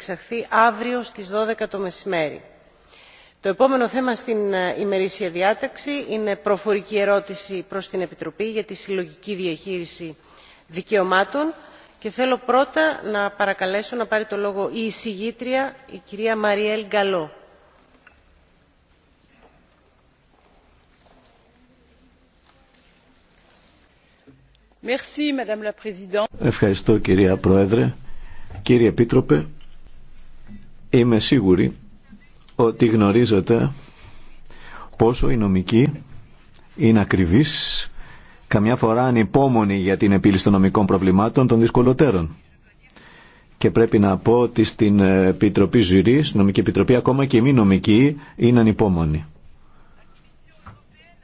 εξαχθεί αύριο στις 12 το μεσημέρι. Το επόμενο θέμα στην ε, ημερήσια διάταξη είναι προφορική ερώτηση προς την Επιτροπή για τη συλλογική διαχείριση δικαιωμάτων και θέλω πρώτα να παρακαλέσω να πάρει το λόγο η εισηγήτρια, η κυρία Μαριέλ Γκαλό. Ευχαριστώ κυρία Πρόεδρε. Κύριε Επίτροπε, Είμαι σίγουρη ότι γνωρίζετε πόσο η νομική είναι ακριβής, καμιά φορά ανυπόμονη για την επίλυση των νομικών προβλημάτων των δυσκολοτέρων. Και πρέπει να πω ότι στην Επιτροπή Ζουρή, στην Νομική Επιτροπή, ακόμα και η μη νομική είναι ανυπόμονη.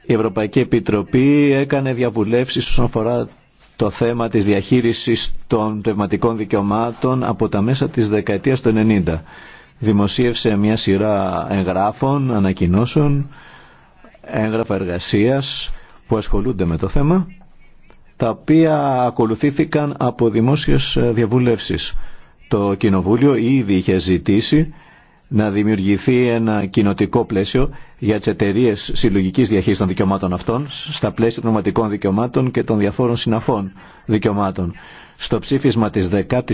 Η Ευρωπαϊκή Επιτροπή έκανε διαβουλεύσεις όσον αφορά το θέμα της διαχείρισης των πνευματικών δικαιωμάτων από τα μέσα της δεκαετίας του 90 δημοσίευσε μια σειρά εγγράφων, ανακοινώσεων, έγγραφα εργασίας που ασχολούνται με το θέμα, τα οποία ακολουθήθηκαν από δημόσιες διαβουλεύσεις. Το Κοινοβούλιο ήδη είχε ζητήσει να δημιουργηθεί ένα κοινοτικό πλαίσιο για τι εταιρείε συλλογική διαχείριση των δικαιωμάτων αυτών στα πλαίσια των νοματικών δικαιωμάτων και των διαφόρων συναφών δικαιωμάτων. Στο ψήφισμα της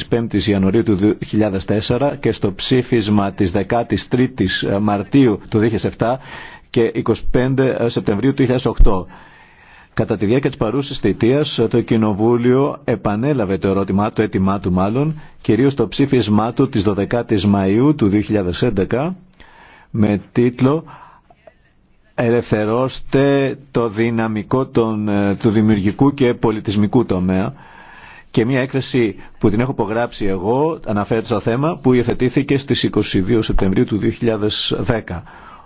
15ης Ιανουαρίου του 2004 και στο ψήφισμα της 13ης Μαρτίου του 2007 και 25 Σεπτεμβρίου του 2008 Κατά τη διάρκεια τη παρούσης θητείας, το Κοινοβούλιο επανέλαβε το ερώτημά του, έτοιμά του μάλλον, κυρίως το ψήφισμά του της 12ης Μαΐου του 2011, με τίτλο «Ελευθερώστε το δυναμικό ε, του δημιουργικού και πολιτισμικού τομέα» και μια έκθεση που την έχω υπογράψει εγώ, αναφέρεται στο θέμα, που υιοθετήθηκε στις 22 Σεπτεμβρίου του 2010.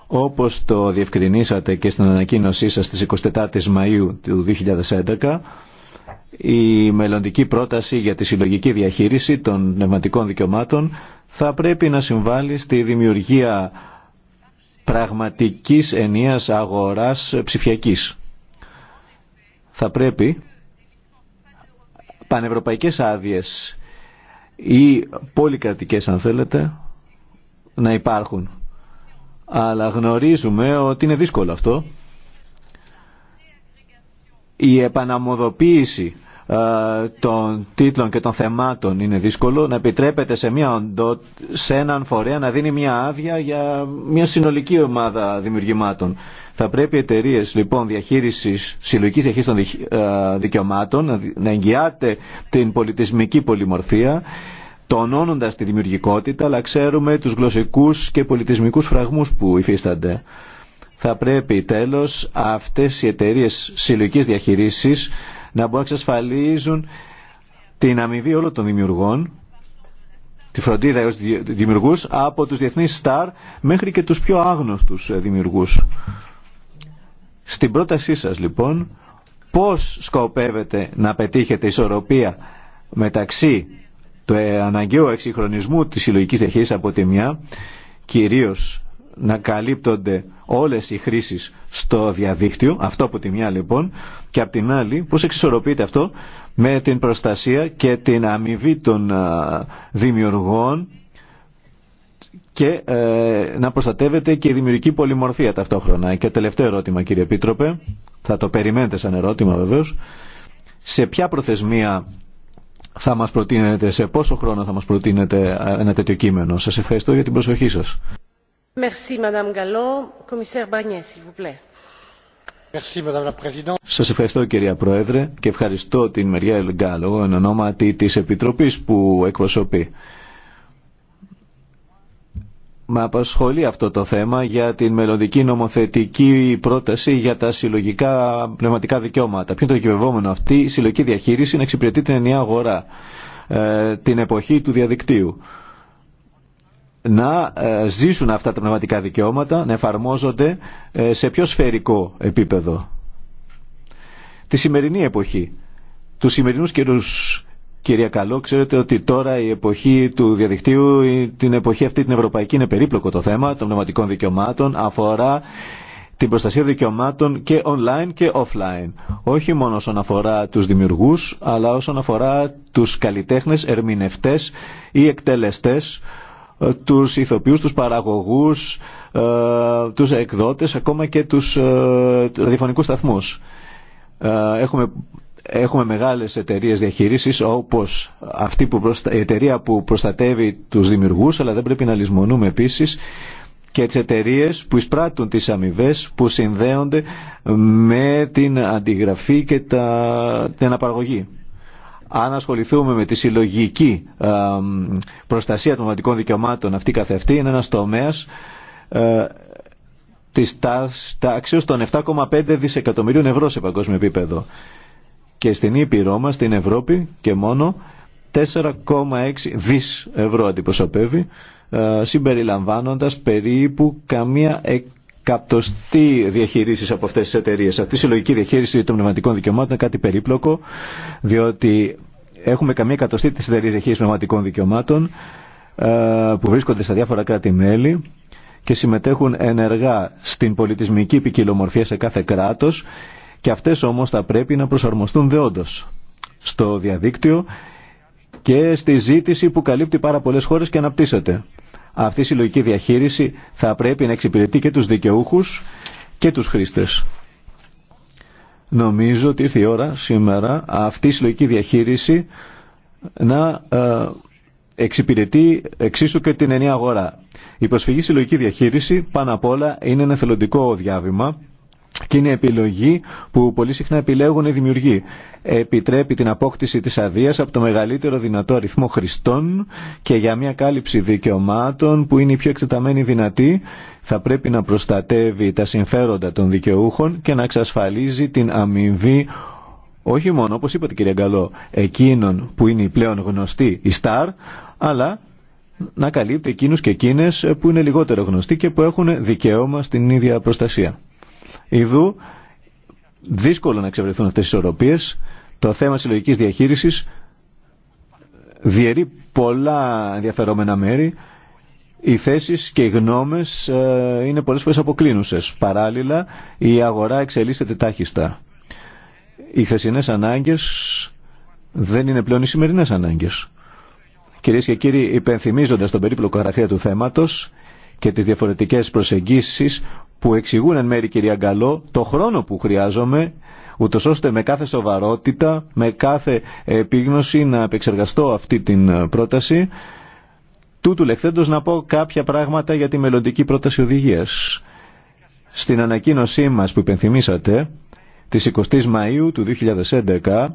Όπως το διευκρινίσατε και στην ανακοίνωσή σας στις 24 Μαΐου του 2011, η μελλοντική πρόταση για τη συλλογική διαχείριση των πνευματικών δικαιωμάτων θα πρέπει να συμβάλλει στη δημιουργία πραγματικής ενίας αγοράς ψηφιακής. Θα πρέπει πανευρωπαϊκές άδειες ή πολυκρατικές αν θέλετε να υπάρχουν αλλά γνωρίζουμε ότι είναι δύσκολο αυτό. Η επαναμοδοποίηση ε, των τίτλων και των θεμάτων είναι δύσκολο να επιτρέπεται σε, μια σε έναν φορέα να δίνει μια άδεια για μια συνολική ομάδα δημιουργημάτων. Θα πρέπει οι εταιρείε λοιπόν διαχείρισης, συλλογικής διαχείρισης των ε, δικαιωμάτων να εγγυάται την πολιτισμική πολυμορφία τονώνοντας τη δημιουργικότητα, αλλά ξέρουμε τους γλωσσικούς και πολιτισμικούς φραγμούς που υφίστανται. Θα πρέπει τέλος αυτές οι εταιρείε συλλογικής διαχειρίσης να μπορούν να εξασφαλίζουν την αμοιβή όλων των δημιουργών, τη φροντίδα έως δημιουργούς, από τους διεθνείς στάρ μέχρι και τους πιο άγνωστους ε, δημιουργούς. Στην πρότασή σας λοιπόν, πώς σκοπεύετε να πετύχετε ισορροπία μεταξύ το αναγκαίο εξυγχρονισμού της συλλογική διαχείρισης από τη μια, κυρίως να καλύπτονται όλες οι χρήσεις στο διαδίκτυο, αυτό από τη μια λοιπόν, και από την άλλη πώς εξισορροπείται αυτό με την προστασία και την αμοιβή των δημιουργών και ε, να προστατεύεται και η δημιουργική πολυμορφία ταυτόχρονα. Και τελευταίο ερώτημα κύριε Επίτροπε, θα το περιμένετε σαν ερώτημα βεβαίως, σε ποια προθεσμία θα μας προτείνετε, σε πόσο χρόνο θα μας προτείνετε ένα τέτοιο κείμενο. Σας ευχαριστώ για την προσοχή σας. Merci, Madame Gallo. Commissaire Barnier, s'il vous plaît. Merci, Madame la Présidente. Σας ευχαριστώ κυρία Πρόεδρε και ευχαριστώ την Μεριέλ Ελγκάλο εν ονόματι της Επιτροπής που εκπροσωπεί με απασχολεί αυτό το θέμα για την μελλοντική νομοθετική πρόταση για τα συλλογικά πνευματικά δικαιώματα. Ποιο είναι το δικαιωμένο αυτή η συλλογική διαχείριση να εξυπηρετεί την ενιαία αγορά ε, την εποχή του διαδικτύου. Να ε, ζήσουν αυτά τα πνευματικά δικαιώματα, να εφαρμόζονται ε, σε πιο σφαιρικό επίπεδο. Τη σημερινή εποχή, του σημερινούς καιρούς Κυρία Καλό, ξέρετε ότι τώρα η εποχή του διαδικτύου, την εποχή αυτή την ευρωπαϊκή είναι περίπλοκο το θέμα των πνευματικών δικαιωμάτων, αφορά την προστασία δικαιωμάτων και online και offline. Όχι μόνο όσον αφορά τους δημιουργούς, αλλά όσον αφορά τους καλλιτέχνες, ερμηνευτές ή εκτελεστές, ε, τους ηθοποιούς, τους παραγωγούς, ε, τους εκδότες, ακόμα και τους ε, διαφωνικούς σταθμούς. Έχουμε Έχουμε μεγάλες εταιρείες διαχείρισης όπως αυτή που προστα... η εταιρεία που προστατεύει τους δημιουργούς αλλά δεν πρέπει να λησμονούμε επίσης και τις εταιρείε που εισπράττουν τις αμοιβέ που συνδέονται με την αντιγραφή και τα... την αναπαραγωγή. Αν ασχοληθούμε με τη συλλογική προστασία των πνευματικών δικαιωμάτων αυτή καθεαυτή είναι ένας τομέας ε, της τάξης των 7,5 δισεκατομμυρίων ευρώ σε παγκόσμιο επίπεδο και στην Ήπειρό μας, στην Ευρώπη και μόνο 4,6 δις ευρώ αντιπροσωπεύει ε, συμπεριλαμβάνοντας περίπου καμία εκατοστή διαχείριση από αυτές τις εταιρείε. Αυτή η συλλογική διαχείριση των πνευματικών δικαιωμάτων είναι κάτι περίπλοκο διότι έχουμε καμία εκατοστή της εταιρείας διαχείρισης πνευματικών δικαιωμάτων ε, που βρίσκονται στα διάφορα κράτη-μέλη και συμμετέχουν ενεργά στην πολιτισμική ποικιλομορφία σε κάθε κράτος και αυτές όμως θα πρέπει να προσαρμοστούν δεόντως στο διαδίκτυο και στη ζήτηση που καλύπτει πάρα πολλές χώρες και αναπτύσσεται. Αυτή η συλλογική διαχείριση θα πρέπει να εξυπηρετεί και τους δικαιούχους και τους χρήστες. Νομίζω ότι ήρθε η ώρα σήμερα αυτή η συλλογική διαχείριση να ε, εξυπηρετεί εξίσου και την ενιαία αγορά. Η προσφυγή συλλογική διαχείριση πάνω απ' όλα είναι ένα θελοντικό διάβημα και είναι επιλογή που πολύ συχνά επιλέγουν οι δημιουργοί. Επιτρέπει την απόκτηση της αδείας από το μεγαλύτερο δυνατό αριθμό χρηστών και για μια κάλυψη δικαιωμάτων που είναι η πιο εκτεταμένη δυνατή θα πρέπει να προστατεύει τα συμφέροντα των δικαιούχων και να εξασφαλίζει την αμοιβή όχι μόνο, όπως είπατε κύριε Γκαλό, εκείνων που είναι οι πλέον γνωστοί, η στάρ, αλλά να καλύπτει εκείνους και εκείνες που είναι λιγότερο γνωστοί και που έχουν δικαίωμα στην ίδια προστασία. Ιδού δύσκολο να εξευρεθούν αυτές οι ισορροπίες. Το θέμα συλλογική διαχείρισης διαιρεί πολλά ενδιαφερόμενα μέρη. Οι θέσεις και οι γνώμες ε, είναι πολλές φορές αποκλίνουσες. Παράλληλα, η αγορά εξελίσσεται τάχιστα. Οι χθεσινέ ανάγκες δεν είναι πλέον οι σημερινέ ανάγκες. Κυρίε και κύριοι, υπενθυμίζοντα τον περίπλοκο χαρακτήρα του θέματος και τις διαφορετικές προσεγγίσεις που εξηγούν εν μέρη κυρία Γκαλό το χρόνο που χρειάζομαι ούτως ώστε με κάθε σοβαρότητα, με κάθε επίγνωση να επεξεργαστώ αυτή την ε, πρόταση τούτου λεχθέντος να πω κάποια πράγματα για τη μελλοντική πρόταση οδηγίας. Στην ανακοίνωσή μας που υπενθυμίσατε της 20 Μαΐου του 2011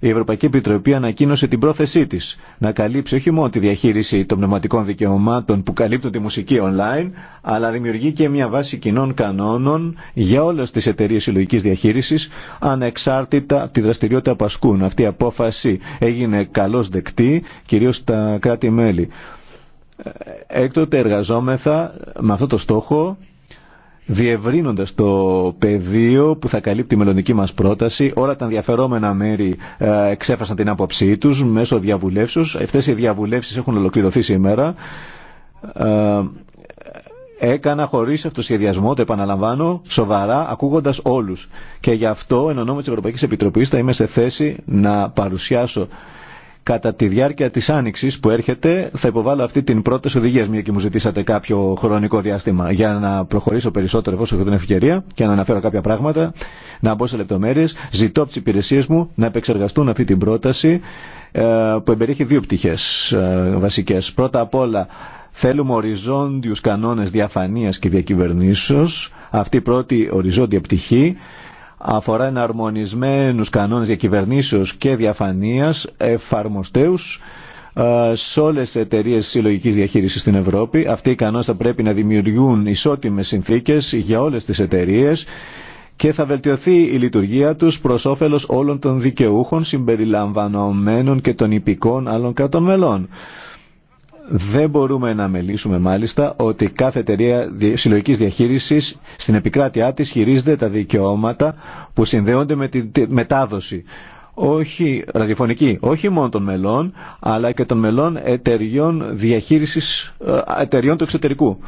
η Ευρωπαϊκή Επιτροπή ανακοίνωσε την πρόθεσή τη να καλύψει όχι μόνο τη διαχείριση των πνευματικών δικαιωμάτων που καλύπτουν τη μουσική online, αλλά δημιουργεί και μια βάση κοινών κανόνων για όλε τι εταιρείε συλλογική διαχείριση, ανεξάρτητα από τη δραστηριότητα που ασκούν. Αυτή η απόφαση έγινε καλώ δεκτή, κυρίω στα κράτη-μέλη. Ε, έκτοτε εργαζόμεθα με αυτό το στόχο διευρύνοντας το πεδίο που θα καλύπτει η μελλοντική μας πρόταση. Όλα τα ενδιαφερόμενα μέρη ε, εξέφρασαν την άποψή τους μέσω διαβουλεύσεως. Αυτές οι διαβουλεύσεις έχουν ολοκληρωθεί σήμερα. Ε, έκανα χωρίς αυτοσχεδιασμό, το επαναλαμβάνω, σοβαρά, ακούγοντας όλους. Και γι' αυτό, εν ονόμα της Ευρωπαϊκής Επιτροπής, θα είμαι σε θέση να παρουσιάσω Κατά τη διάρκεια της άνοιξης που έρχεται θα υποβάλω αυτή την πρώτη οδηγία μια και μου ζητήσατε κάποιο χρονικό διάστημα για να προχωρήσω περισσότερο εφόσον έχω την ευκαιρία και να αναφέρω κάποια πράγματα, να μπω σε λεπτομέρειες. Ζητώ από τις υπηρεσίες μου να επεξεργαστούν αυτή την πρόταση ε, που εμπεριέχει δύο πτυχές ε, βασικές. Πρώτα απ' όλα θέλουμε οριζόντιους κανόνες διαφανείας και διακυβερνήσεως. Αυτή η πρώτη οριζόντια πτυχή αφορά εναρμονισμένους κανόνες για και διαφανείας εφαρμοστέους ε, σε όλε τι εταιρείε συλλογική διαχείριση στην Ευρώπη. Αυτοί οι κανόνε θα πρέπει να δημιουργούν ισότιμε συνθήκε για όλε τι εταιρείε και θα βελτιωθεί η λειτουργία τους προς όφελος όλων των δικαιούχων συμπεριλαμβανομένων και των υπηκών άλλων κρατών μελών. Δεν μπορούμε να μελήσουμε μάλιστα ότι κάθε εταιρεία συλλογική διαχείριση στην επικράτειά τη χειρίζεται τα δικαιώματα που συνδέονται με τη μετάδοση. Όχι ραδιοφωνική, όχι μόνο των μελών, αλλά και των μελών εταιριών διαχείριση ε, εταιριών του εξωτερικού.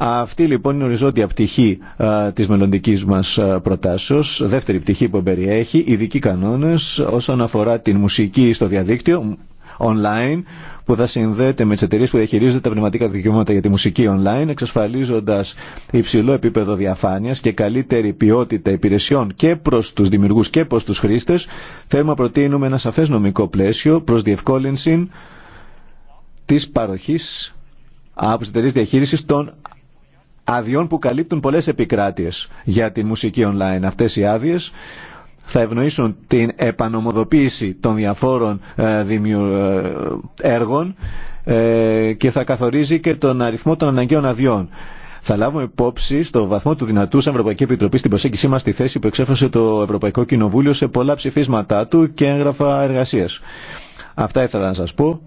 Αυτή λοιπόν είναι οριζόντια πτυχή α, ε, της μελλοντική μας α, ε, προτάσεως. Δεύτερη πτυχή που περιέχει ειδικοί κανόνες όσον αφορά την μουσική στο διαδίκτυο, online που θα συνδέεται με τι εταιρείε που διαχειρίζονται τα πνευματικά δικαιώματα για τη μουσική online, εξασφαλίζοντα υψηλό επίπεδο διαφάνεια και καλύτερη ποιότητα υπηρεσιών και προ του δημιουργού και προ του χρήστε, θέλουμε να προτείνουμε ένα σαφέ νομικό πλαίσιο προ διευκόλυνση τη παροχή από τι εταιρείε διαχείριση των αδειών που καλύπτουν πολλέ επικράτειε για τη μουσική online. Αυτέ οι άδειε θα ευνοήσουν την επανομοδοποίηση των διαφόρων ε, ε, έργων ε, και θα καθορίζει και τον αριθμό των αναγκαίων αδειών. Θα λάβουμε υπόψη στο βαθμό του δυνατού σαν Ευρωπαϊκή Επιτροπή στην προσέγγιση μα στη θέση που εξέφρασε το Ευρωπαϊκό Κοινοβούλιο σε πολλά ψηφίσματά του και έγγραφα εργασία. Αυτά ήθελα να σα πω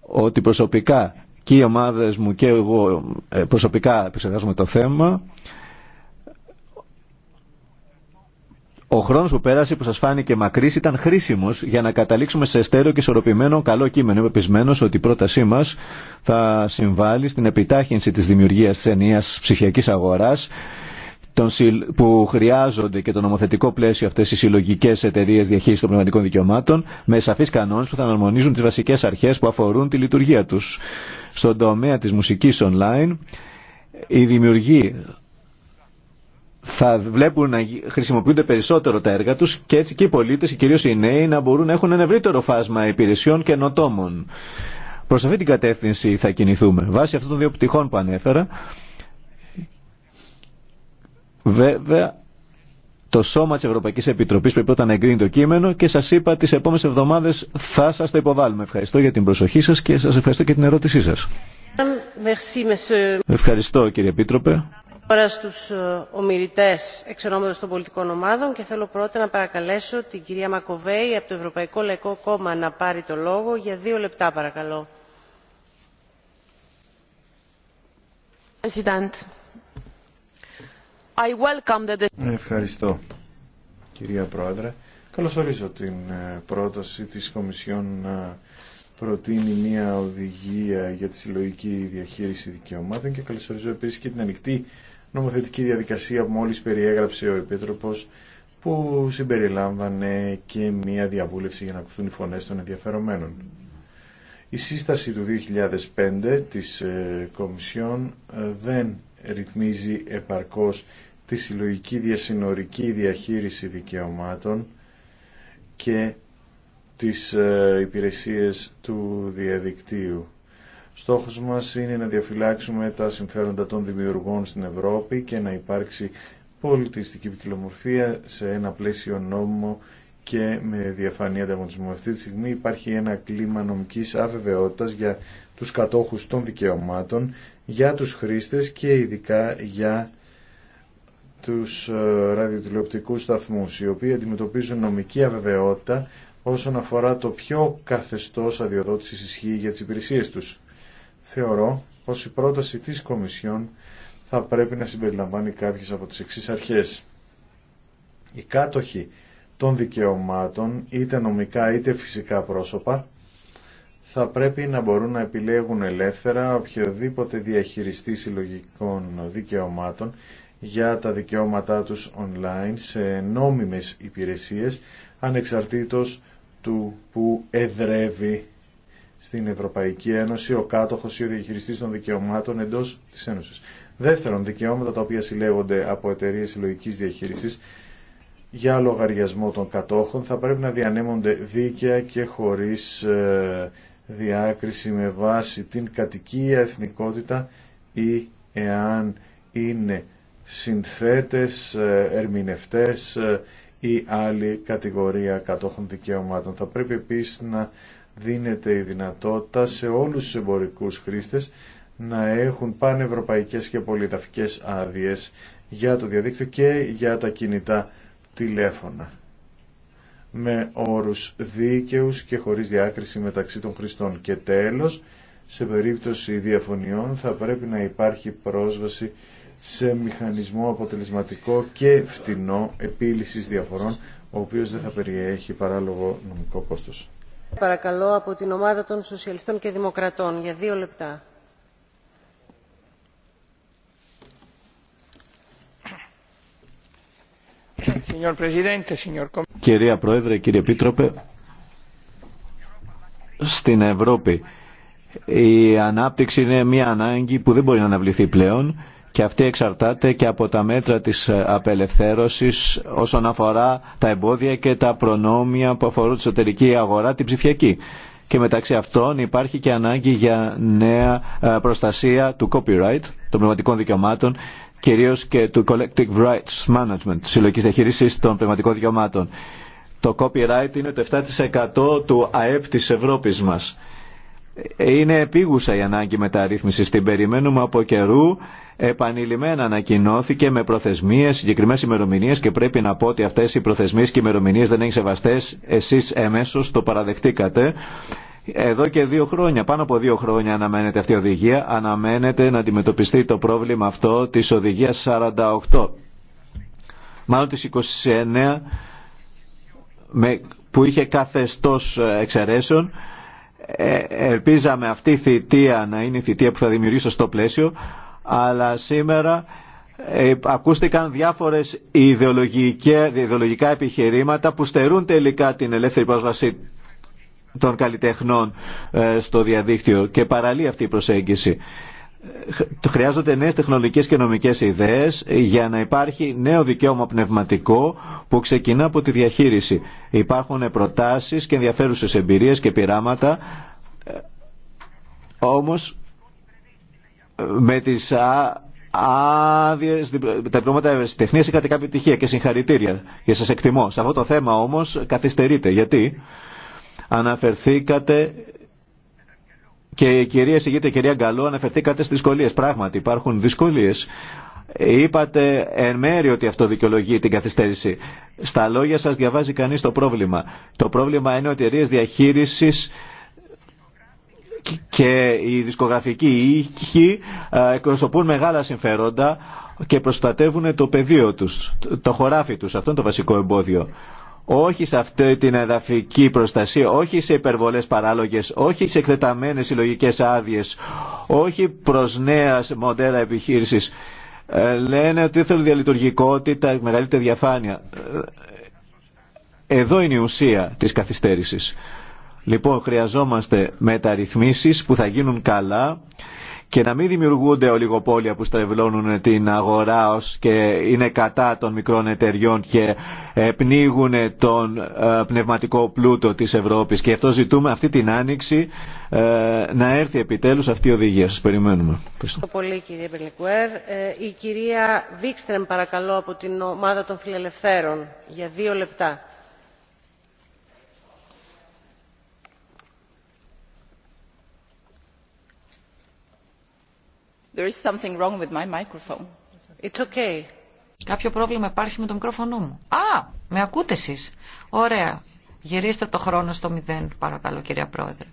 ότι προσωπικά και οι ομάδε μου και εγώ προσωπικά επεξεργάζομαι το θέμα. Ο χρόνο που πέρασε, που σα φάνηκε μακρύ, ήταν χρήσιμο για να καταλήξουμε σε στέρεο και ισορροπημένο καλό κείμενο. Είμαι πεπισμένο ότι η πρότασή μα θα συμβάλλει στην επιτάχυνση τη δημιουργία τη ενιαία ψυχιακή αγορά που χρειάζονται και το νομοθετικό πλαίσιο αυτέ οι συλλογικέ εταιρείε διαχείριση των πνευματικών δικαιωμάτων με σαφεί κανόνε που θα αναρμονίζουν τι βασικέ αρχέ που αφορούν τη λειτουργία του. Στον τομέα τη μουσική online, η δημιουργία θα βλέπουν να χρησιμοποιούνται περισσότερο τα έργα τους και έτσι και οι πολίτες, και κυρίως οι νέοι, να μπορούν να έχουν ένα ευρύτερο φάσμα υπηρεσιών και ενωτόμων. Προς αυτή την κατεύθυνση θα κινηθούμε. Βάσει αυτών των δύο πτυχών που ανέφερα, βέβαια το σώμα της Ευρωπαϊκής Επιτροπής πρέπει πρώτα να εγκρίνει το κείμενο και σας είπα τις επόμενες εβδομάδες θα σας το υποβάλουμε. Ευχαριστώ για την προσοχή σας και σας ευχαριστώ και την ερώτησή σας. Ευχαριστώ κύριε Επίτροπε. Τώρα στου ε, ομιλητές εξ ονόματος των πολιτικών ομάδων και θέλω πρώτα να παρακαλέσω την κυρία Μακοβέη από το Ευρωπαϊκό Λαϊκό Κόμμα να πάρει το λόγο για δύο λεπτά παρακαλώ. Ευχαριστώ κυρία Πρόεδρε. Καλωσορίζω την ε, πρόταση της Κομισιόν να προτείνει μια οδηγία για τη συλλογική διαχείριση δικαιωμάτων και καλωσορίζω επίσης και την ανοιχτή νομοθετική διαδικασία που μόλις περιέγραψε ο Επίτροπος που συμπεριλάμβανε και μία διαβούλευση για να ακουθούν οι φωνές των ενδιαφερομένων. Η σύσταση του 2005 της ε, Κομισιόν ε, δεν ρυθμίζει επαρκώς τη συλλογική διασυνορική διαχείριση δικαιωμάτων και τις ε, υπηρεσίες του διαδικτύου. Στόχος μας είναι να διαφυλάξουμε τα συμφέροντα των δημιουργών στην Ευρώπη και να υπάρξει πολιτιστική ποικιλομορφία σε ένα πλαίσιο νόμιμο και με διαφανή ανταγωνισμό. Αυτή τη στιγμή υπάρχει ένα κλίμα νομικής αβεβαιότητας για τους κατόχους των δικαιωμάτων, για τους χρήστες και ειδικά για τους ε, ραδιοτηλεοπτικούς σταθμούς, οι οποίοι αντιμετωπίζουν νομική αβεβαιότητα όσον αφορά το ποιο καθεστώς αδειοδότησης ισχύει για τις υπηρεσίες τους θεωρώ πως η πρόταση της Κομισιόν θα πρέπει να συμπεριλαμβάνει κάποιες από τις εξής αρχές. Οι κάτοχοι των δικαιωμάτων, είτε νομικά είτε φυσικά πρόσωπα, θα πρέπει να μπορούν να επιλέγουν ελεύθερα οποιοδήποτε διαχειριστή συλλογικών δικαιωμάτων για τα δικαιώματά τους online σε νόμιμες υπηρεσίες ανεξαρτήτως του που εδρεύει στην Ευρωπαϊκή Ένωση ο κάτοχος ή ο διαχειριστής των δικαιωμάτων εντός της Ένωσης. Δεύτερον, δικαιώματα τα οποία συλλέγονται από εταιρείε συλλογική διαχείρισης για λογαριασμό των κατόχων θα πρέπει να διανέμονται δίκαια και χωρίς ε, διάκριση με βάση την κατοικία, εθνικότητα ή εάν είναι συνθέτες, ε, ερμηνευτές ε, ή άλλη κατηγορία κατόχων δικαιωμάτων. Θα πρέπει επίσης να δίνεται η δυνατότητα σε όλους τους εμπορικούς χρήστες να έχουν πανευρωπαϊκές και πολυταφικές άδειε για το διαδίκτυο και για τα κινητά τηλέφωνα με όρους δίκαιους και χωρίς διάκριση μεταξύ των χρηστών. Και τέλος, σε περίπτωση διαφωνιών θα πρέπει να υπάρχει πρόσβαση σε μηχανισμό αποτελεσματικό και φτηνό επίλυσης διαφορών, ο οποίος δεν θα περιέχει παράλογο νομικό κόστος. Παρακαλώ από την ομάδα των Σοσιαλιστών και Δημοκρατών για δύο λεπτά. Κυρία Πρόεδρε, κύριε Πίτροπε, στην Ευρώπη η ανάπτυξη είναι μια ανάγκη που δεν μπορεί να αναβληθεί πλέον και αυτή εξαρτάται και από τα μέτρα της ε, απελευθέρωσης όσον αφορά τα εμπόδια και τα προνόμια που αφορούν τη εσωτερική αγορά, την ψηφιακή. Και μεταξύ αυτών υπάρχει και ανάγκη για νέα ε, προστασία του copyright, των πνευματικών δικαιωμάτων, κυρίως και του collective rights management, συλλογικής διαχείρισης των πνευματικών δικαιωμάτων. Το copyright είναι το 7% του ΑΕΠ της Ευρώπης μας είναι επίγουσα η ανάγκη μεταρρύθμισης. Την περιμένουμε από καιρού. Επανειλημμένα ανακοινώθηκε με προθεσμίε, συγκεκριμένε ημερομηνίε και πρέπει να πω ότι αυτέ οι προθεσμίε και ημερομηνίε δεν είναι σεβαστέ. Εσεί εμέσω το παραδεχτήκατε. Εδώ και δύο χρόνια, πάνω από δύο χρόνια αναμένεται αυτή η οδηγία. Αναμένεται να αντιμετωπιστεί το πρόβλημα αυτό τη οδηγία 48. Μάλλον τη 29 που είχε καθεστώς εξαιρέσεων ε, ελπίζαμε αυτή η θητεία να είναι η θητεία που θα δημιουργήσει στο πλαίσιο, αλλά σήμερα ε, ακούστηκαν διάφορες ιδεολογικά επιχειρήματα που στερούν τελικά την ελεύθερη πρόσβαση των καλλιτεχνών ε, στο διαδίκτυο και παραλύει αυτή η προσέγγιση. Ε, χρειάζονται νέες τεχνολογικές και νομικές ιδέες για να υπάρχει νέο δικαίωμα πνευματικό που ξεκινά από τη διαχείριση. Υπάρχουν προτάσεις και ενδιαφέρουσες εμπειρίες και πειράματα, ε, όμως με τις άδειες, τα διπλώματα είχατε κάποια επιτυχία και συγχαρητήρια και σας εκτιμώ. Σε αυτό το θέμα όμως καθυστερείτε. Γιατί αναφερθήκατε και η κυρία Σιγήτη, κυρία Γκαλό, αναφερθήκατε στι δυσκολίε. Πράγματι, υπάρχουν δυσκολίε. Είπατε εν μέρει ότι αυτό δικαιολογεί την καθυστέρηση. Στα λόγια σας διαβάζει κανείς το πρόβλημα. Το πρόβλημα είναι ότι οι διαχείρισης και οι δισκογραφική ήχοι ε, εκπροσωπούν μεγάλα συμφέροντα και προστατεύουν το πεδίο τους, το χωράφι τους. Αυτό είναι το βασικό εμπόδιο όχι σε αυτή την εδαφική προστασία, όχι σε υπερβολές παράλογες, όχι σε εκτεταμένες συλλογικέ άδειε, όχι προς νέα μοντέλα επιχείρησης. Ε, λένε ότι θέλουν διαλειτουργικότητα, μεγαλύτερη διαφάνεια. Ε, εδώ είναι η ουσία της καθυστέρησης. Λοιπόν, χρειαζόμαστε μεταρρυθμίσεις που θα γίνουν καλά και να μην δημιουργούνται ολιγοπόλια που στρεβλώνουν την αγορά ως και είναι κατά των μικρών εταιριών και πνίγουν τον ε, πνευματικό πλούτο της Ευρώπης και αυτό ζητούμε αυτή την άνοιξη ε, να έρθει επιτέλους αυτή η οδηγία. Σας περιμένουμε. Ευχαριστώ πολύ κύριε Μπελικουέρ. Ε, η κυρία Βίξτρεμ παρακαλώ από την ομάδα των φιλελευθέρων για δύο λεπτά. Κάποιο πρόβλημα υπάρχει με το μικρόφωνο μου. Α, με ακούτε εσείς. Ωραία. Γυρίστε το χρόνο στο μηδέν, παρακαλώ κυρία Πρόεδρε.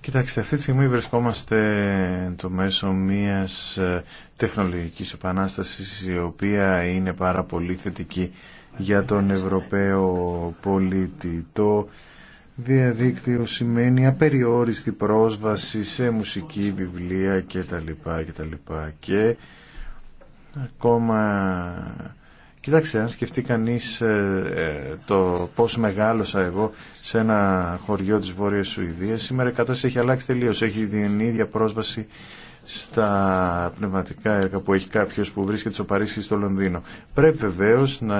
Κοιτάξτε, αυτή τη στιγμή βρισκόμαστε το μέσο μιας ε, τεχνολογικής επανάστασης η οποία είναι πάρα πολύ θετική για τον Ευρωπαίο πολίτη διαδίκτυο σημαίνει απεριόριστη πρόσβαση σε μουσική, βιβλία κτλ. λοιπά Και ακόμα... Κοιτάξτε, αν σκεφτεί κανείς ε, το πώς μεγάλωσα εγώ σε ένα χωριό της Βόρειας Σουηδίας, σήμερα η κατάσταση έχει αλλάξει τελείως. Έχει την ίδια πρόσβαση στα πνευματικά έργα που έχει κάποιος που βρίσκεται στο Παρίσι ή στο Λονδίνο. Πρέπει βεβαίω να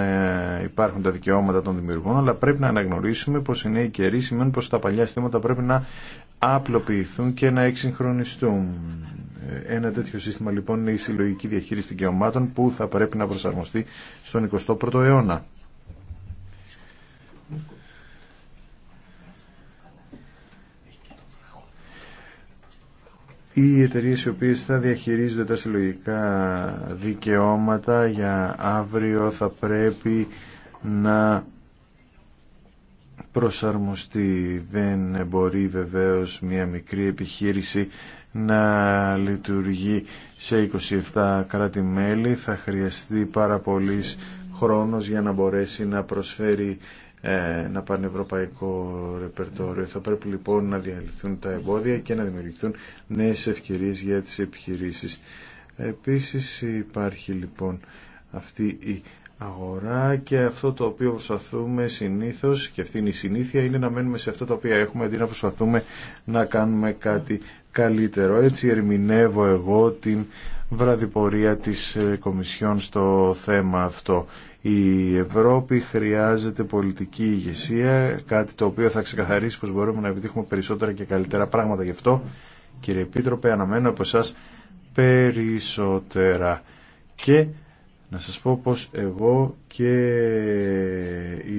υπάρχουν τα δικαιώματα των δημιουργών, αλλά πρέπει να αναγνωρίσουμε πως οι νέοι καιροί σημαίνουν πως τα παλιά συστήματα πρέπει να απλοποιηθούν και να εξυγχρονιστούν. Ένα τέτοιο σύστημα λοιπόν είναι η συλλογική διαχείριση δικαιωμάτων που θα πρέπει να προσαρμοστεί στον 21ο αιώνα. οι εταιρείε οι οποίες θα διαχειρίζονται τα συλλογικά δικαιώματα για αύριο θα πρέπει να προσαρμοστεί. Δεν μπορεί βεβαίως μια μικρή επιχείρηση να λειτουργεί σε 27 κράτη-μέλη. Θα χρειαστεί πάρα πολύ χρόνος για να μπορέσει να προσφέρει ένα ε, πανευρωπαϊκό ρεπερτόριο. Θα πρέπει λοιπόν να διαλυθούν τα εμπόδια και να δημιουργηθούν νέες ευκαιρίες για τις επιχειρήσεις. Επίσης υπάρχει λοιπόν αυτή η αγορά και αυτό το οποίο προσπαθούμε συνήθως και αυτή είναι η συνήθεια είναι να μένουμε σε αυτό το οποίο έχουμε αντί να προσπαθούμε να κάνουμε κάτι καλύτερο. Έτσι ερμηνεύω εγώ την βραδιπορία της ε, Κομισιόν στο θέμα αυτό. Η Ευρώπη χρειάζεται πολιτική ηγεσία, κάτι το οποίο θα ξεκαθαρίσει πως μπορούμε να επιτύχουμε περισσότερα και καλύτερα πράγματα. Γι' αυτό, κύριε Επίτροπε, αναμένω από εσά περισσότερα. Και να σας πω πως εγώ και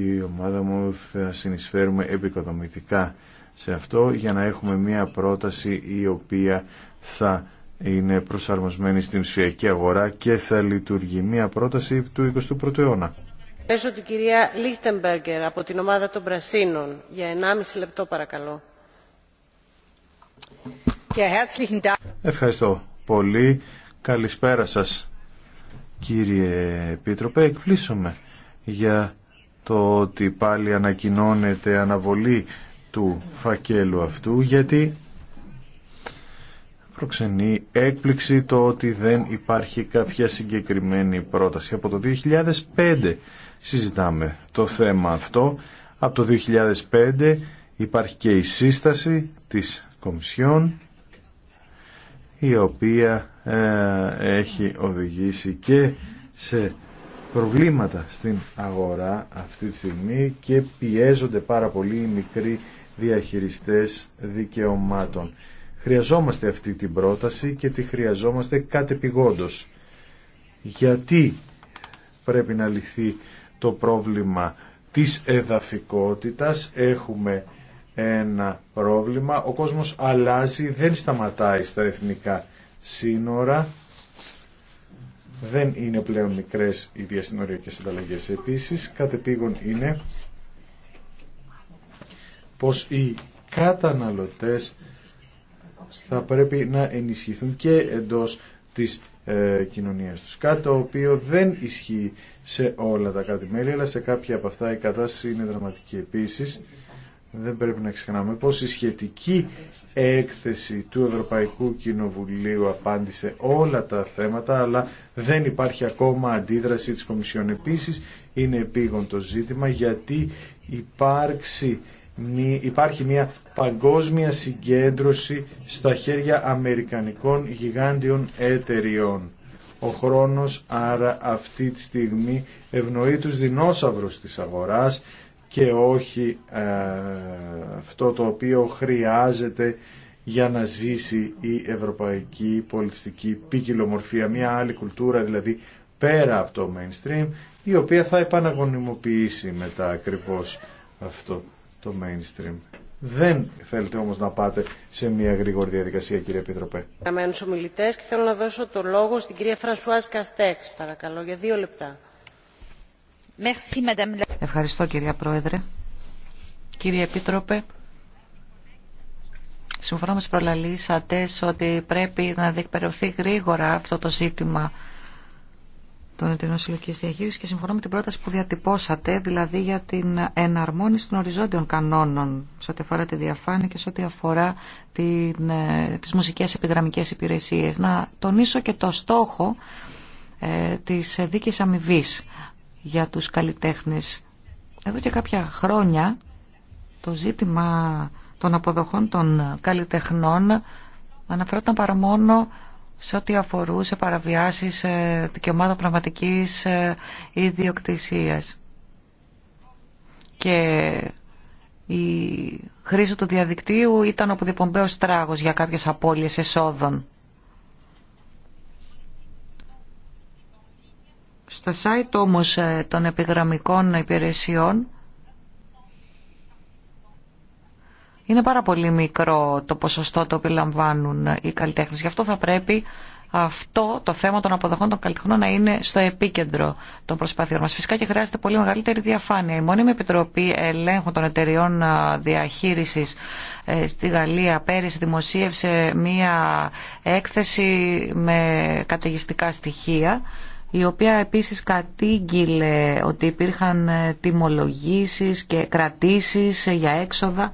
η ομάδα μου θα συνεισφέρουμε επικοδομητικά σε αυτό για να έχουμε μια πρόταση η οποία θα είναι προσαρμοσμένη στην ψηφιακή αγορά και θα λειτουργεί μια πρόταση του 21ου αιώνα. Πέσω την κυρία Λίχτεμπεργκερ από την ομάδα των Πρασίνων. Για 1,5 λεπτό παρακαλώ. Ευχαριστώ πολύ. Καλησπέρα σας κύριε Επίτροπε. Εκπλήσωμε για το ότι πάλι ανακοινώνεται αναβολή του φακέλου αυτού γιατί προξενεί έκπληξη το ότι δεν υπάρχει κάποια συγκεκριμένη πρόταση. Από το 2005 συζητάμε το θέμα αυτό. Από το 2005 υπάρχει και η σύσταση της Κομισιόν η οποία ε, έχει οδηγήσει και σε προβλήματα στην αγορά αυτή τη στιγμή και πιέζονται πάρα πολύ οι μικροί διαχειριστές δικαιωμάτων. Χρειαζόμαστε αυτή την πρόταση και τη χρειαζόμαστε κατεπηγόντως. Γιατί πρέπει να λυθεί το πρόβλημα της εδαφικότητας. Έχουμε ένα πρόβλημα. Ο κόσμος αλλάζει, δεν σταματάει στα εθνικά σύνορα. Δεν είναι πλέον μικρές οι διασυνοριακές συνταλλαγές. Επίσης, κατεπήγον είναι πως οι καταναλωτές θα πρέπει να ενισχυθούν και εντός της ε, κοινωνίας τους. Κάτι το οποίο δεν ισχύει σε όλα τα κράτη-μέλη, αλλά σε κάποια από αυτά η κατάσταση είναι δραματική επίσης. Δεν πρέπει να ξεχνάμε πως η σχετική έκθεση του Ευρωπαϊκού Κοινοβουλίου απάντησε όλα τα θέματα, αλλά δεν υπάρχει ακόμα αντίδραση της Κομισιόν. Επίσης είναι επίγον ζήτημα γιατί υπάρξει υπάρχει μια παγκόσμια συγκέντρωση στα χέρια αμερικανικών γιγάντιων εταιριών. Ο χρόνος άρα αυτή τη στιγμή ευνοεί τους δεινόσαυρους της αγοράς και όχι ε, αυτό το οποίο χρειάζεται για να ζήσει η ευρωπαϊκή πολιτιστική ποικιλομορφία, μια άλλη κουλτούρα δηλαδή πέρα από το mainstream, η οποία θα επαναγωνιμοποιήσει μετά ακριβώς αυτό το mainstream. Δεν θέλετε όμως να πάτε σε μια γρήγορη διαδικασία, κύριε Επίτροπε. Καμένους ομιλητές και θέλω να δώσω το λόγο στην κυρία Φρανσουάζ Καστέξ, παρακαλώ, για δύο λεπτά. Ευχαριστώ, κυρία Πρόεδρε. Κύριε Επίτροπε, συμφωνώ με τις προλαλήσατες ότι πρέπει να διεκπαιρεωθεί γρήγορα αυτό το ζήτημα των εταιρεών συλλογική διαχείριση και συμφωνώ με την πρόταση που διατυπώσατε, δηλαδή για την εναρμόνιση των οριζόντιων κανόνων σε ό,τι αφορά τη διαφάνεια και σε ό,τι αφορά την, ε, τις μουσικές επιγραμμικές υπηρεσίες. Να τονίσω και το στόχο ε, της δίκης αμοιβή για τους καλλιτέχνες. Εδώ και κάποια χρόνια το ζήτημα των αποδοχών των καλλιτεχνών αναφερόταν παρά μόνο σε ό,τι αφορούσε παραβιάσεις ε, δικαιωμάτων πραγματικής ε, ιδιοκτησίας και η χρήση του διαδικτύου ήταν ο ποντιπομπέος τράγος για κάποιες απώλειες εσόδων. Στα site όμως ε, των επιγραμμικών υπηρεσιών είναι πάρα πολύ μικρό το ποσοστό το οποίο λαμβάνουν οι καλλιτέχνες. Γι' αυτό θα πρέπει αυτό το θέμα των αποδοχών των καλλιτεχνών να είναι στο επίκεντρο των προσπαθειών μας. Φυσικά και χρειάζεται πολύ μεγαλύτερη διαφάνεια. Η Μόνιμη Επιτροπή Ελέγχου των Εταιριών ε, Διαχείρισης ε, στη Γαλλία πέρυσι δημοσίευσε μία έκθεση με καταιγιστικά στοιχεία η οποία επίσης κατήγγειλε ότι υπήρχαν ε, τιμολογήσεις και κρατήσεις για έξοδα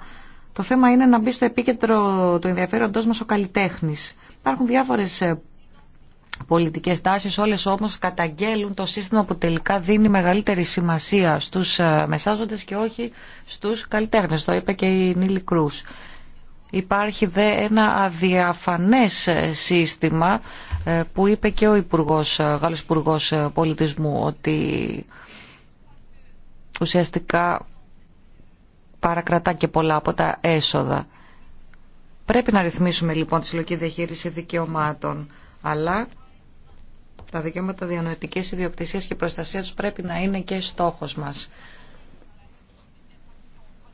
το θέμα είναι να μπει στο επίκεντρο του ενδιαφέροντό μα ο καλλιτέχνη. Υπάρχουν διάφορες ε, πολιτικές τάσεις, όλες όμως καταγγέλουν το σύστημα που τελικά δίνει μεγαλύτερη σημασία στους ε, μεσάζοντες και όχι στους καλλιτέχνες. Το είπε και η Νίλη Κρούς. Υπάρχει δε ένα αδιαφανές ε, σύστημα που είπε και ο Υπουργός, Γάλλος Υπουργός Πολιτισμού ότι ουσιαστικά παρακρατά και πολλά από τα έσοδα. Πρέπει να ρυθμίσουμε λοιπόν τη συλλογική διαχείριση δικαιωμάτων, αλλά τα δικαιώματα διανοητικής ιδιοκτησίας και προστασία τους πρέπει να είναι και στόχος μας.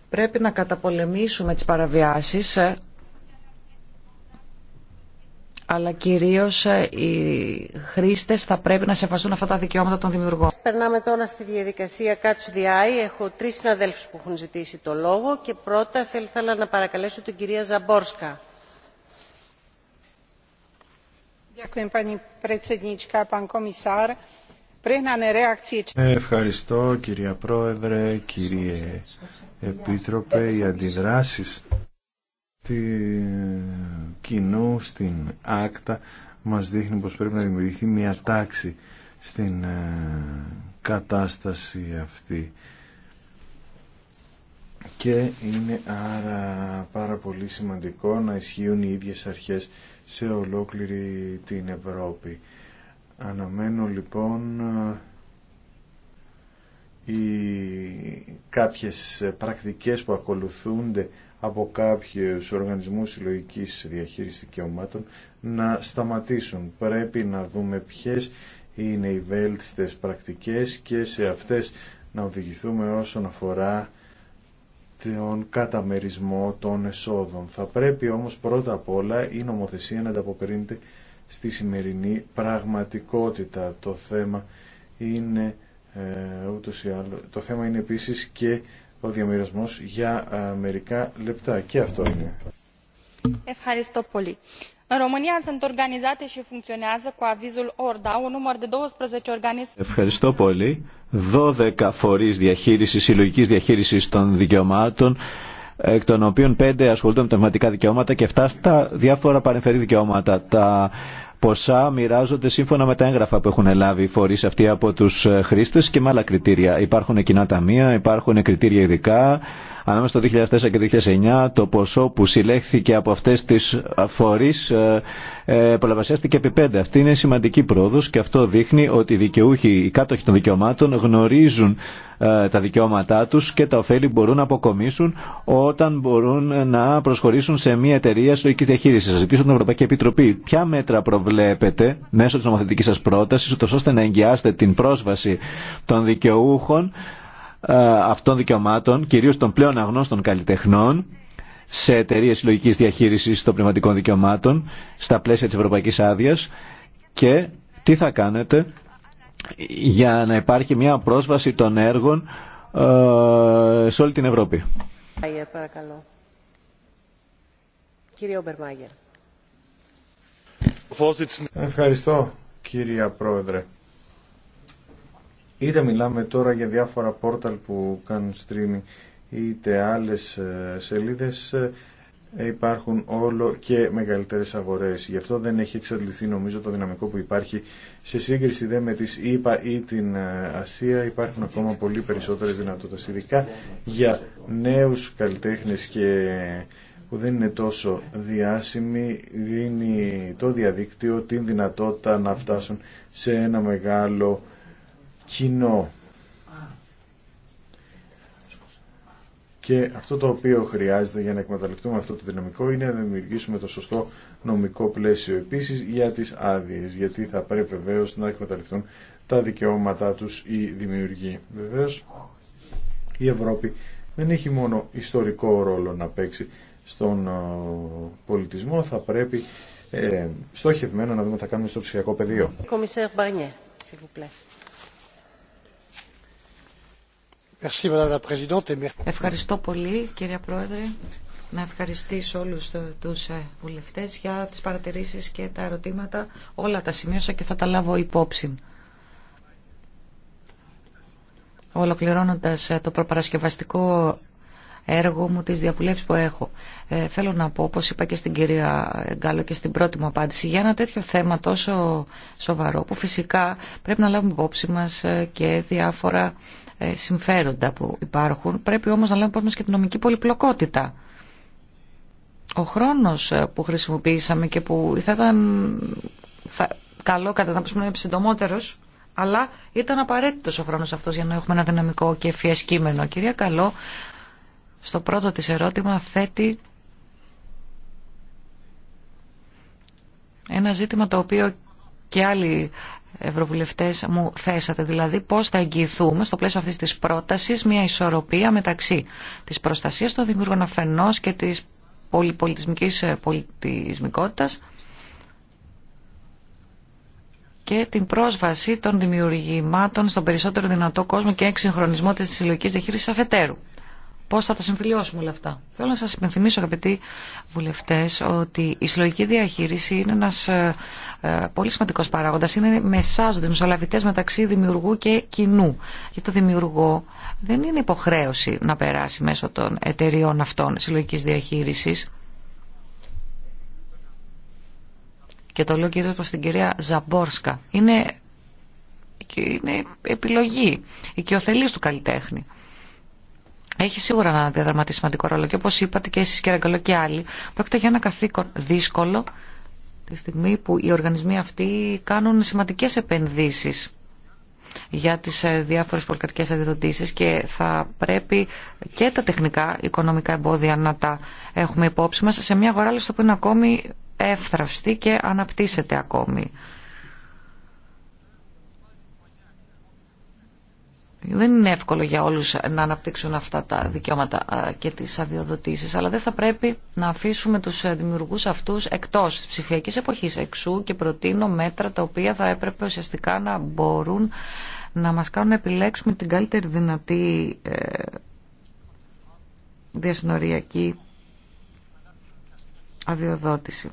Πρέπει να καταπολεμήσουμε τις παραβιάσεις ε, αλλά κυρίως ε, οι χρήστες θα πρέπει να σεβαστούν αυτά τα δικαιώματα των δημιουργών. Περνάμε τώρα στη διαδικασία Catch the Eye. Έχω τρεις συναδέλφους που έχουν ζητήσει το λόγο και πρώτα θέλω, ήθελα να παρακαλέσω την κυρία Ζαμπόρσκα. Ε, ευχαριστώ κυρία Πρόεδρε, κύριε Επίτροπε, οι αντιδράσεις Τη κοινό στην άκτα μας δείχνει πως πρέπει να δημιουργηθεί μια τάξη στην ε, κατάσταση αυτή και είναι άρα πάρα πολύ σημαντικό να ισχύουν οι ίδιες αρχές σε ολόκληρη την Ευρώπη. Αναμένω λοιπόν ε, οι κάποιες πρακτικές που ακολουθούνται από κάποιους οργανισμούς συλλογική διαχείρισης δικαιωμάτων να σταματήσουν. Πρέπει να δούμε ποιες είναι οι βέλτιστες πρακτικές και σε αυτές να οδηγηθούμε όσον αφορά τον καταμερισμό των εσόδων. Θα πρέπει όμως πρώτα απ' όλα η νομοθεσία να ανταποκρίνεται στη σημερινή πραγματικότητα. Το θέμα είναι, ε, ούτως άλλο, το θέμα είναι επίσης και ο διαμοιρασμός για ε, μερικά λεπτά. Και αυτό είναι. Ευχαριστώ πολύ. România sunt organizate și funcționează cu avizul ORDA un număr de 12 organisme. Ευχαριστώ πολύ. 12 φορείς διαχείρισης, συλλογικής διαχείρισης των δικαιωμάτων, εκ των οποίων 5 ασχολούνται με πνευματικά δικαιώματα και 7 στα διάφορα παρεμφερή δικαιώματα. Τα ποσά μοιράζονται σύμφωνα με τα έγγραφα που έχουν λάβει οι φορεί αυτοί από του ε, χρήστε και με άλλα κριτήρια. Υπάρχουν κοινά ταμεία, υπάρχουν κριτήρια ειδικά. Ανάμεσα στο 2004 και 2009 το ποσό που συλλέχθηκε από αυτέ τι ε, φορεί ε, ε, πολλαπλασιάστηκε επί πέντε. Αυτή είναι σημαντική πρόοδο και αυτό δείχνει ότι οι δικαιούχοι, οι κάτοχοι των δικαιωμάτων γνωρίζουν ε, τα δικαιώματά του και τα ωφέλη μπορούν να αποκομίσουν όταν μπορούν να προσχωρήσουν σε μια εταιρεία στο διαχείριση. Σα ζητήσω την Ευρωπαϊκή Επιτροπή. Ποια μέτρα προβλέπετε μέσω τη νομοθετική σας πρόταση, ώστε να εγγυάσετε την πρόσβαση των δικαιούχων ε, αυτών δικαιωμάτων, κυρίως των πλέον αγνώστων καλλιτεχνών, σε εταιρείε συλλογική διαχείριση των πνευματικών δικαιωμάτων στα πλαίσια τη ευρωπαϊκή άδεια και τι θα κάνετε για να υπάρχει μια πρόσβαση των έργων ε, σε όλη την Ευρώπη. Ευχαριστώ Κύριε Ευχαριστώ κυρία Πρόεδρε. Είτε μιλάμε τώρα για διάφορα πόρταλ που κάνουν streaming είτε άλλες ε, σελίδες ε, υπάρχουν όλο και μεγαλύτερες αγορές. Γι' αυτό δεν έχει εξαντληθεί νομίζω το δυναμικό που υπάρχει. Σε σύγκριση δε με τις ΗΠΑ ή την ε, Ασία υπάρχουν ακόμα πολύ περισσότερες δυνατότητες, ειδικά για νέους καλλιτέχνες και που δεν είναι τόσο διάσημοι, δίνει το διαδίκτυο την δυνατότητα να φτάσουν σε ένα μεγάλο κοινό. Και αυτό το οποίο χρειάζεται για να εκμεταλλευτούμε αυτό το δυναμικό είναι να δημιουργήσουμε το σωστό νομικό πλαίσιο επίση για τις άδειε, γιατί θα πρέπει βεβαίω να εκμεταλλευτούν τα δικαιώματά τους η δημιουργοί. βεβαιω η Ευρώπη δεν έχει μόνο ιστορικό ρόλο να παίξει στον πολιτισμό, θα πρέπει ε, στοχευμένο να δούμε τι θα κάνουμε στο ψηφιακό πεδίο. Ευχαριστώ πολύ κυρία Πρόεδρε. Να ευχαριστήσω όλους ε, τους ε, βουλευτές για τις παρατηρήσεις και τα ερωτήματα. Όλα τα σημείωσα και θα τα λάβω υπόψη. Ολοκληρώνοντας ε, το προπαρασκευαστικό έργο μου, τις διαβουλεύσεις που έχω, θέλω να πω, όπως είπα και στην κυρία Γκάλο και στην πρώτη μου απάντηση, για ένα τέτοιο θέμα τόσο σοβαρό, που φυσικά πρέπει να λάβουμε υπόψη μας και διάφορα ε, συμφέροντα που υπάρχουν. Πρέπει όμως να λέμε πως και την νομική πολυπλοκότητα. Ο χρόνος ε, που χρησιμοποίησαμε και που θα ήταν θα, καλό κατά να πούμε συντομότερος, αλλά ήταν απαραίτητος ο χρόνος αυτός για να έχουμε ένα δυναμικό και ευφυές κείμενο. Κυρία Καλό, στο πρώτο της ερώτημα θέτει ένα ζήτημα το οποίο και άλλοι ευρωβουλευτές μου θέσατε, δηλαδή πώς θα εγγυηθούμε στο πλαίσιο αυτής της πρότασης μια ισορροπία μεταξύ της προστασίας των δημιουργών αφενός και της πολυπολιτισμικής ε, πολιτισμικότητας και την πρόσβαση των δημιουργημάτων στον περισσότερο δυνατό κόσμο και εξυγχρονισμό της συλλογικής διαχείρισης αφετέρου. Πώ θα τα συμφιλιώσουμε όλα αυτά. Θέλω να σα υπενθυμίσω, αγαπητοί βουλευτέ, ότι η συλλογική διαχείριση είναι ένα ε, ε, πολύ σημαντικό παράγοντα. Είναι μεσάζονται μεσολαβητέ μεταξύ δημιουργού και κοινού. Για το δημιουργό δεν είναι υποχρέωση να περάσει μέσω των εταιριών αυτών συλλογική διαχείριση. Και το λέω κυρίω προ την κυρία Ζαμπόρσκα. Είναι, είναι επιλογή, οικειοθελή του καλλιτέχνη έχει σίγουρα να διαδραματίσει σημαντικό ρόλο και όπως είπατε και εσείς κύριε και άλλοι πρόκειται για ένα καθήκον δύσκολο τη στιγμή που οι οργανισμοί αυτοί κάνουν σημαντικές επενδύσεις για τις ε, διάφορες πολυκατοικές αντιδοτήσει και θα πρέπει και τα τεχνικά οικονομικά εμπόδια να τα έχουμε υπόψη μας σε μια αγορά που είναι ακόμη εύθραυστη και αναπτύσσεται ακόμη. Δεν είναι εύκολο για όλους να αναπτύξουν αυτά τα δικαιώματα και τις αδειοδοτήσεις, αλλά δεν θα πρέπει να αφήσουμε τους ε, δημιουργούς αυτούς εκτός της ψηφιακής εποχής εξού και προτείνω μέτρα τα οποία θα έπρεπε ουσιαστικά να μπορούν να μας κάνουν να επιλέξουμε την καλύτερη δυνατή ε, διασυνοριακή αδειοδότηση.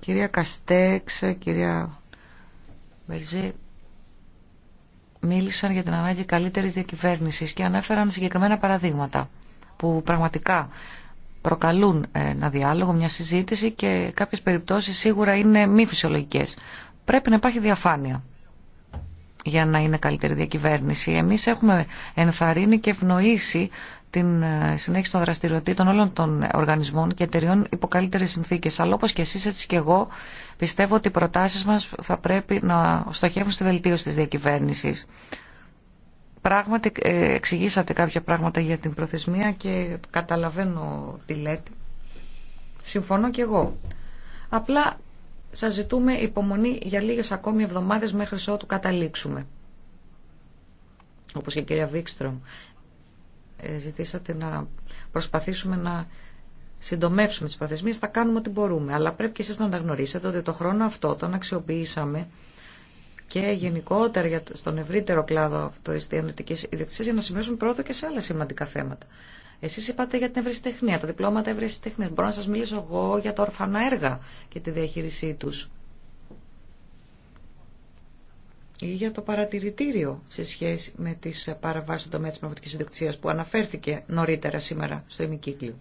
κυρία Καστέξ, κυρία Μερζή, μίλησαν για την ανάγκη καλύτερης διακυβέρνησης και ανέφεραν συγκεκριμένα παραδείγματα που πραγματικά προκαλούν ε, ένα διάλογο, μια συζήτηση και κάποιες περιπτώσεις σίγουρα είναι μη φυσιολογικές. Πρέπει να υπάρχει διαφάνεια για να είναι καλύτερη διακυβέρνηση. Εμείς έχουμε ενθαρρύνει και ευνοήσει την ε, συνέχιση των δραστηριοτήτων όλων των οργανισμών και εταιριών υπό καλύτερε συνθήκε. Αλλά όπω και εσεί, έτσι και εγώ, πιστεύω ότι οι προτάσει μα θα πρέπει να στοχεύουν στη βελτίωση τη διακυβέρνηση. Πράγματι, ε, εξηγήσατε κάποια πράγματα για την προθεσμία και καταλαβαίνω τι λέτε. Συμφωνώ και εγώ. Απλά σας ζητούμε υπομονή για λίγες ακόμη εβδομάδες μέχρι ότου καταλήξουμε. Όπως και η κυρία Βίξτρομ, ε, ζητήσατε να προσπαθήσουμε να συντομεύσουμε τις προθεσμίε. θα κάνουμε ό,τι μπορούμε. Αλλά πρέπει και εσείς να αναγνωρίσετε ότι το χρόνο αυτό τον αξιοποιήσαμε και γενικότερα για στον ευρύτερο κλάδο αυτό τη ιδιοκτησία για να σημειώσουμε πρόοδο και σε άλλα σημαντικά θέματα. Εσεί είπατε για την ευρεσιτεχνία, τα διπλώματα ευρεσιτεχνία. Μπορώ να σα μιλήσω εγώ για τα ορφανά έργα και τη διαχείρισή τους. Ή για το παρατηρητήριο σε σχέση με τις παραβάσει στον τομέα τη πνευματική ιδιοκτησία που αναφέρθηκε νωρίτερα σήμερα στο ημικύκλιο.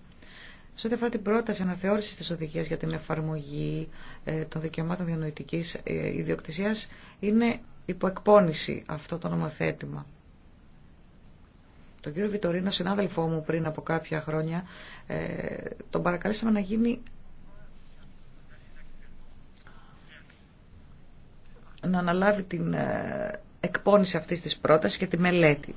Σε ό,τι αφορά την πρόταση αναθεώρηση τη οδηγία για την εφαρμογή ε, των δικαιωμάτων διανοητική ε, ιδιοκτησία, είναι υποεκπώνηση αυτό το νομοθέτημα τον κύριο Βιτορίνο, συνάδελφό μου πριν από κάποια χρόνια, ε, τον παρακαλέσαμε να γίνει να αναλάβει την ε, εκπόνηση αυτής της πρότασης και τη μελέτη.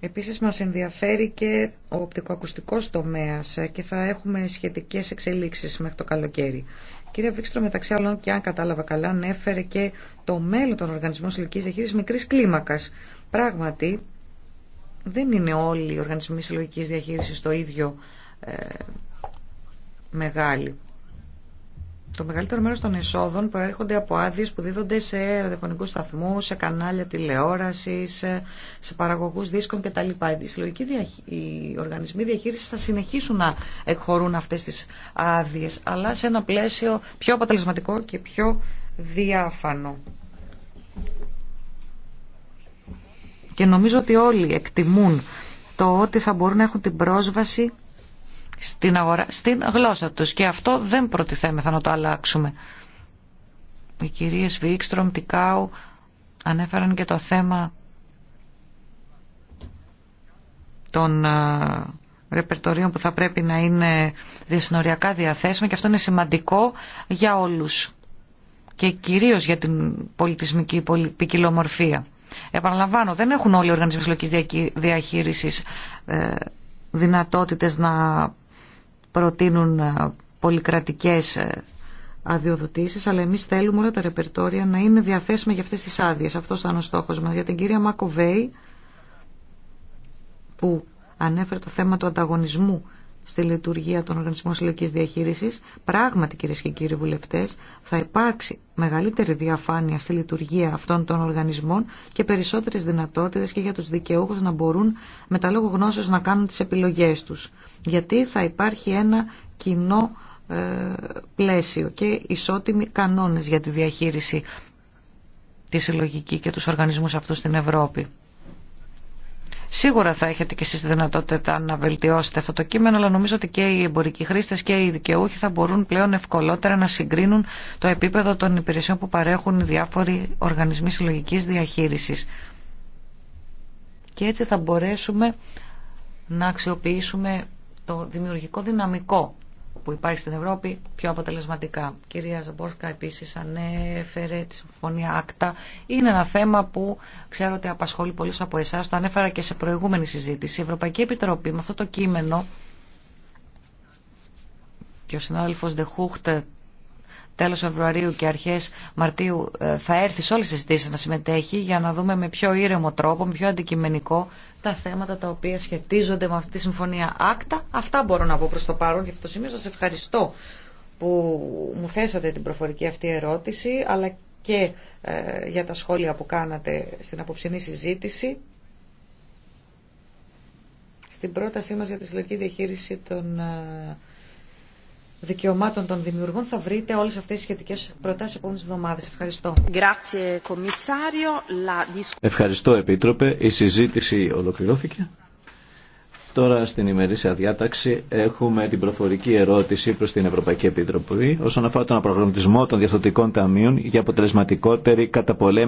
Επίσης μας ενδιαφέρει και ο οπτικοακουστικός τομέας ε, και θα έχουμε σχετικές εξελίξεις μέχρι το καλοκαίρι. Κύριε Βίξτρο, μεταξύ άλλων και αν κατάλαβα καλά, ανέφερε και το μέλλον των οργανισμών συλλογική διαχείριση μικρή κλίμακα. Πράγματι, δεν είναι όλοι οι οργανισμοί συλλογική διαχείριση το ίδιο ε, μεγάλοι. Το μεγαλύτερο μέρος των εισόδων προέρχονται από άδειες που δίδονται σε ραδιοφωνικούς σταθμούς, σε κανάλια τηλεόρασης, σε παραγωγούς δίσκων κτλ. Οι συλλογικοί οι οργανισμοί διαχείρισης θα συνεχίσουν να εκχωρούν αυτές τις άδειες, αλλά σε ένα πλαίσιο πιο αποτελεσματικό και πιο διάφανο. Και νομίζω ότι όλοι εκτιμούν το ότι θα μπορούν να έχουν την πρόσβαση στην αγορά, στην γλώσσα τους. Και αυτό δεν προτιθέμεθα να το αλλάξουμε. Οι κυρίες Βίξτρομ, Τικάου ανέφεραν και το θέμα των ε, ρεπερτορίων που θα πρέπει να είναι διασυνοριακά διαθέσιμα και αυτό είναι σημαντικό για όλους και κυρίως για την πολιτισμική ποικιλομορφία. Επαναλαμβάνω, δεν έχουν όλοι οι οργανισμοί διαχείρισης ε, δυνατότητες να προτείνουν ε, πολυκρατικές ε, αδειοδοτήσεις, αλλά εμείς θέλουμε όλα τα ρεπερτόρια να είναι διαθέσιμα για αυτές τις άδειε. Αυτός ήταν ο στόχος μας. Για την κυρία Μακοβέη, που ανέφερε το θέμα του ανταγωνισμού στη λειτουργία των οργανισμών συλλογική διαχείριση, Πράγματι, κυρίε και κύριοι βουλευτέ, θα υπάρξει μεγαλύτερη διαφάνεια στη λειτουργία αυτών των οργανισμών και περισσότερες δυνατότητες και για τους δικαιούχου να μπορούν με τα λόγω γνώσεως να κάνουν τις επιλογές τους. Γιατί θα υπάρχει ένα κοινό ε, πλαίσιο και ισότιμοι κανόνε για τη διαχείριση τη συλλογική και του οργανισμού αυτού στην Ευρώπη. Σίγουρα θα έχετε και εσείς τη δυνατότητα να βελτιώσετε αυτό το κείμενο, αλλά νομίζω ότι και οι εμπορικοί χρήστες και οι δικαιούχοι θα μπορούν πλέον ευκολότερα να συγκρίνουν το επίπεδο των υπηρεσιών που παρέχουν οι διάφοροι οργανισμοί συλλογική διαχείρισης. Και έτσι θα μπορέσουμε να αξιοποιήσουμε το δημιουργικό δυναμικό που υπάρχει στην Ευρώπη πιο αποτελεσματικά. Η κυρία Ζαμπόρσκα επίσης ανέφερε τη συμφωνία ΑΚΤΑ. Είναι ένα θέμα που ξέρω ότι απασχολεί πολλούς από εσάς. Το ανέφερα και σε προηγούμενη συζήτηση. Η Ευρωπαϊκή Επιτροπή με αυτό το κείμενο και ο συνάδελφος Δεχούχτε τέλος Φεβρουαρίου και αρχές Μαρτίου ε, θα έρθει σε όλες τις να συμμετέχει για να δούμε με πιο ήρεμο τρόπο, με πιο αντικειμενικό τα θέματα τα οποία σχετίζονται με αυτή τη συμφωνία άκτα. Αυτά μπορώ να πω προς το παρόν και αυτό το σημείο σας ευχαριστώ που μου θέσατε την προφορική αυτή ερώτηση αλλά και ε, για τα σχόλια που κάνατε στην απόψινή συζήτηση στην πρότασή μας για τη συλλογική διαχείριση των ε, δικαιωμάτων των δημιουργών θα βρείτε όλες αυτές τις σχετικές προτάσεις επόμενες εβδομάδες. Ευχαριστώ. Ευχαριστώ Επίτροπε. Η συζήτηση ολοκληρώθηκε. Τώρα στην ημερήσια διάταξη έχουμε την προφορική ερώτηση προς την Ευρωπαϊκή Επιτροπή όσον αφορά τον προγραμματισμό των διαθωτικών ταμείων για αποτελεσματικότερη καταπολέμηση